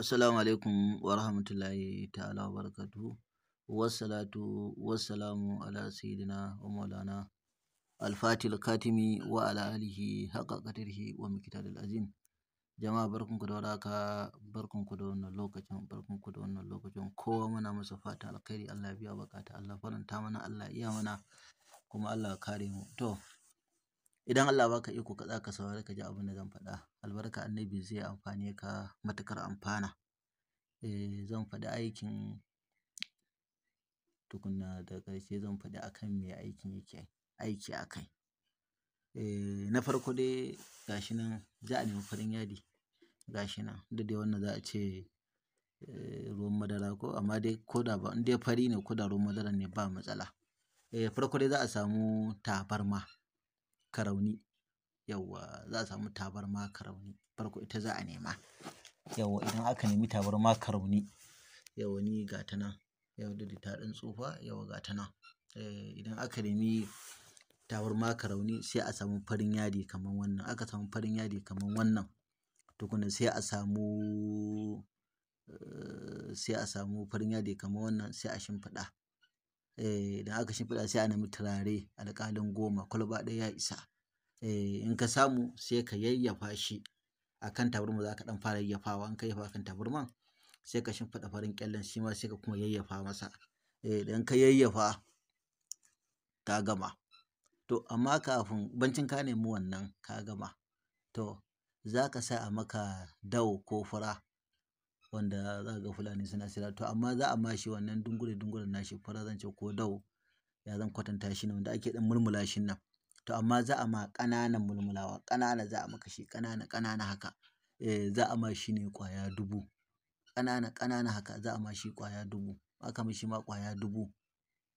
Assalamu alaikum wa rahmatullahi ta'ala wa barakatuhu. Wassalatu wassalamu ala sayyidina wa maulana al-fatil katimi wa ala alihi haqqa qadirhi wa al azim. Jama'a ku da barkun ku da wannan lokacin, ku da wannan lokacin. Kowa muna masa fata alkhairi, Allah biya bukata, Allah faranta mana, Allah iya mana, kuma Allah kare mu. To, idan Allah ya baka iko ka za ka saurari ka ji abin da zan faɗa albarka annabi zai amfane ka matukar amfana eh zan faɗi aikin tukunna da ƙarshe zan faɗi akan me aikin yake aiki akai eh na farko dai gashi nan za a nemi farin yadi gashi nan duk dai wannan za a ce eh, ruwan madara ko amma dai ko da ba in dai fari ne ko da ruwan madara ne ba matsala eh farko dai za a samu tabarma karauni. Yauwa za a samu tabarma karauni. Farko ita za a nema. Yauwa idan aka nemi tabarma karauni, yauwa ni ga ta nan. Yauwa da ta ɗan tsufa yauwa ga ta nan. Eh, idan aka nemi tabarma karauni sai a samu farin yadi kaman wannan. Aka samu farin yadi kaman wannan. Tukuna sai a samu, eh, sai a samu farin yadi kaman wannan sai a shimfiɗa. Eh, da aka shimfiɗa sai a nemi turare alƙalin goma kwalba ɗaya ya isa eh, in ka samu sai ka yayyafa shi akan taburma za ka ɗan fara yayyafawa in ka yayyafa kan tabarman sai ka shimfiɗa farin ƙyallen shi ma sai ka kuma yayyafa masa eh, in ka yayyafa ka gama to amma kafin bancin ka nemi wannan ka gama to za ka sa a maka dau ko fura wanda za ga fulani suna sira to amma za a mashi wannan dungure na nashi fara zance ko dau ya zan kwatanta shi ne wanda ake dan mulmula shi nan to amma za a ma kananan mulmulawa kanana za a maka shi kanana kanana haka eh za a mashi ne kwaya dubu kanana kanana haka za a mashi kwaya dubu aka mishi ma kwaya dubu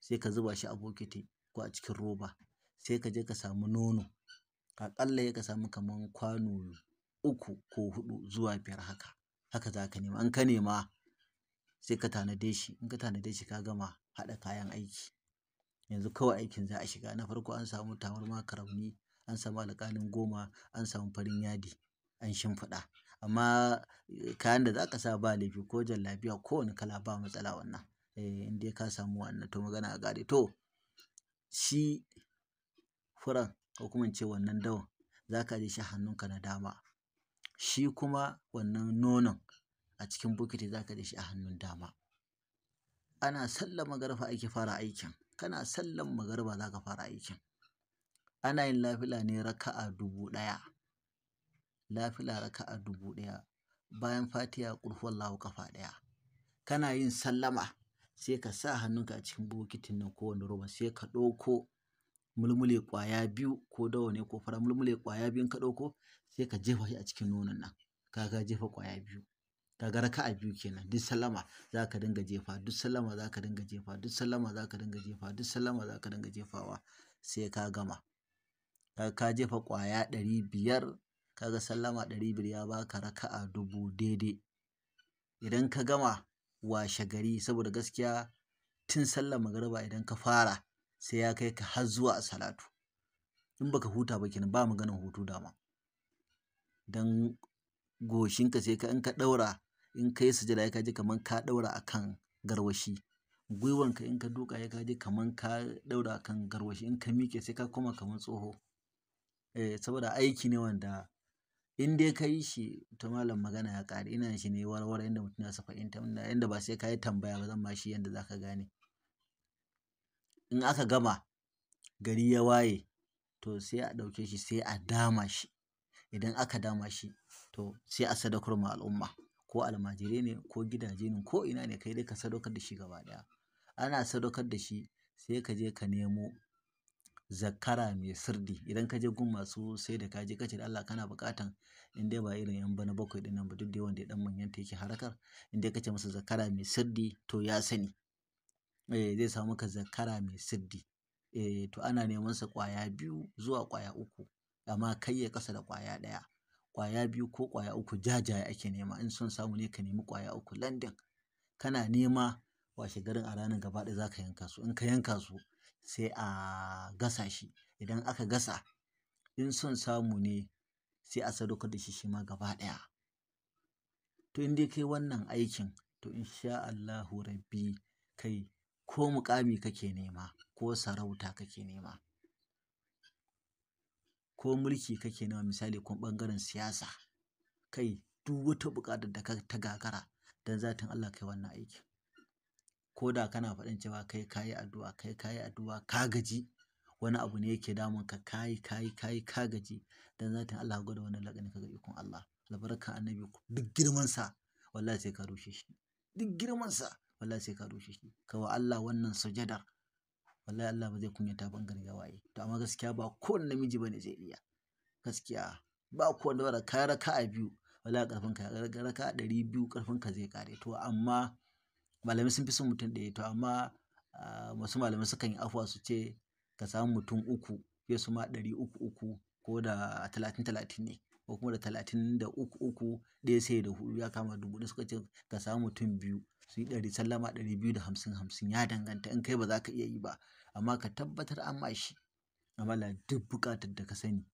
sai ka zuba shi a bokiti ko a cikin roba sai ka je ka samu nono aƙalla ya ka samu kaman kwano uku ko huɗu zuwa biyar haka haka za ka nema in ka nema sai ka tanade shi in ka tanade shi ka gama haɗa kayan aiki yanzu kawai aikin za a shiga na farko an samu ma karauni an samu alƙalin goma an samu farin yadi an shimfiɗa amma kayan da za ka sa ba laifi ko jallabiya kowane kala ba matsala wannan eh in dai ka samu wannan to magana a gare to shi furan ko kuma in ce wannan dawan za ka je shi hannunka na dama shi kuma wannan nonon a cikin bokiti za ka da shi a hannun dama ana sallan magarfa ake fara aikin kana sallan magarba za ka fara aikin ana yin lafila ne raka'a dubu ɗaya lafila raka'a dubu ɗaya bayan fatiya ƙurfuwar lahu kafa ɗaya kana yin sallama sai ka sa hannun ka a cikin bokitin nan kowane roba sai ka ɗauko mulmule ƙwaya biyu ko dawa ne ko fara mulmule ƙwaya biyun ka ɗauko sai ka jefa shi a cikin nonon nan ka ga jefa ƙwaya biyu kaga raka'a biyu kenan duk sallama za ka dinga jefa duk sallama za ka dinga jefa duk sallama za ka dinga jefa duk sallama za ka dinga jefawa sai ka gama ka jefa kwaya ɗari biyar kaga sallama ɗari biyar ya baka a dubu daidai idan ka gama washe gari saboda gaskiya tun sallar magariba idan ka fara sai ya kai ka har zuwa salatu in baka huta ba kenan ba maganin hutu dama dan goshinka sai ka in ka ɗaura in ka yi sujada ka ji kamar ka ɗaura a kan garwashi gwiwanka in ka duka ya kaji kamar ka ɗaura a kan garwashi in ka miƙe sai ka koma kamar tsoho eh saboda aiki ne wanda in dai ka yi shi to malam magana ya ƙare ina shi ne warware yadda mutum ya fahimta inda ba sai ka yi tambaya ba zan ma shi yadda za ka gane in aka gama gari ya waye to sai a ɗauke shi sai a dama shi idan aka dama shi to sai a sadaukar ma al'umma ko almajirai ne ko gidaje ne ko ina ne kai dai ka sadaukar da shi gaba ɗaya ana sadaukar da shi sai ka je ka nemo zakara mai sirdi idan ka je gun masu sai da kaji kace da Allah kana bukatan in dai ba irin yan bana bakwai din nan ba duk da yawan ya dan manyan ta yake harakar in dai kace masa zakara mai sirdi to ya sani eh zai samu ka zakara mai sirdi eh to ana neman sa kwaya biyu zuwa kwaya uku amma kai ya kasa da kwaya ɗaya ƙwaya biyu ko ƙwaya uku jajaye ake nema in son samu ne ka nemi ƙwaya uku landin kana nema washe garin a ranar gaba ɗaya za ka yanka su in ka yanka su sai a gasa shi idan aka gasa in son samu ne sai a sadaukar da shi shi ma gaba ɗaya to in dai kai wannan aikin to insha Allahu rabbi kai ko muƙami kake nema ko sarauta kake nema ko mulki kake nawa misali ko bangaren siyasa kai duk wata bukatar da ta gagara dan zatin Allah kai wannan aiki. ko da kana faɗin cewa kai kayi addu'a kai kayi addu'a ka gaji wani abu ne yake damun ka kayi kayi kayi ka gaji dan zatin Allah gwada wannan lakani kaga ikon Allah albarkan annabi duk girman sa wallahi sai ka rushe shi duk girman sa wallahi sai ka rushe shi kawa Allah wannan sujadar wallahi Allah ba zai kunyata ban gawaye waye to amma gaskiya ba kowane namiji bane zai iya gaskiya ba kowane wanda ka raka a biyu wallahi karfin ka raka a ɗari biyu karfin ka zai kare to amma malamai sun fi son mutum ɗaya to amma masu ah, malamai sukan yi afuwa su ce ka samu mutum uku fiye su ma ɗari uku uku ko da talatin talatin ne ko kuma da talatin da uku uku ɗaya sai da hudu ya kama dubu ɗaya suka ce ka samu mutum biyu su yi ɗari sallama ɗari biyu da hamsin hamsin ya danganta in kai ba za ka iya yi ba amma ka tabbatar an ma shi amala duk buƙatar da ka sani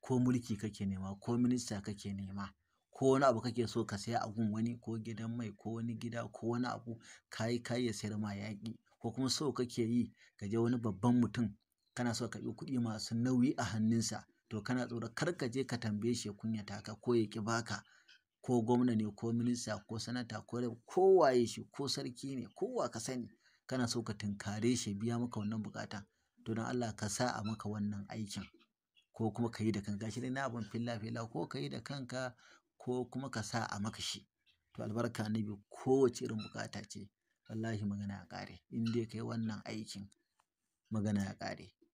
ko mulki kake nema ko minista kake nema ko wani abu kake so ka saya a gun wani ko gidan mai ko wani gida ko wani abu yi ka ya sayar ma yaƙi ko kuma so kake yi ka je wani babban mutum kana so ka yi kuɗi masu nauyi a hannunsa to kana tsoron kar ka je ka tambaye shi ya kunyata ka ko ya ƙi baka ko gwamna ne ko minista ko sanata ko rep ko waye shi ko sarki ne ko wa ka sani kana so ka tunkare shi biya maka wannan bukata to don Allah ka sa a maka wannan aikin ko kuma ka yi da kanka shi dai na abin filla filla ko ka yi da kanka ko kuma ka sa a maka shi to albarka annabi kowace irin bukata ce wallahi magana ya ƙare in dai kai wannan aikin magana ya ƙare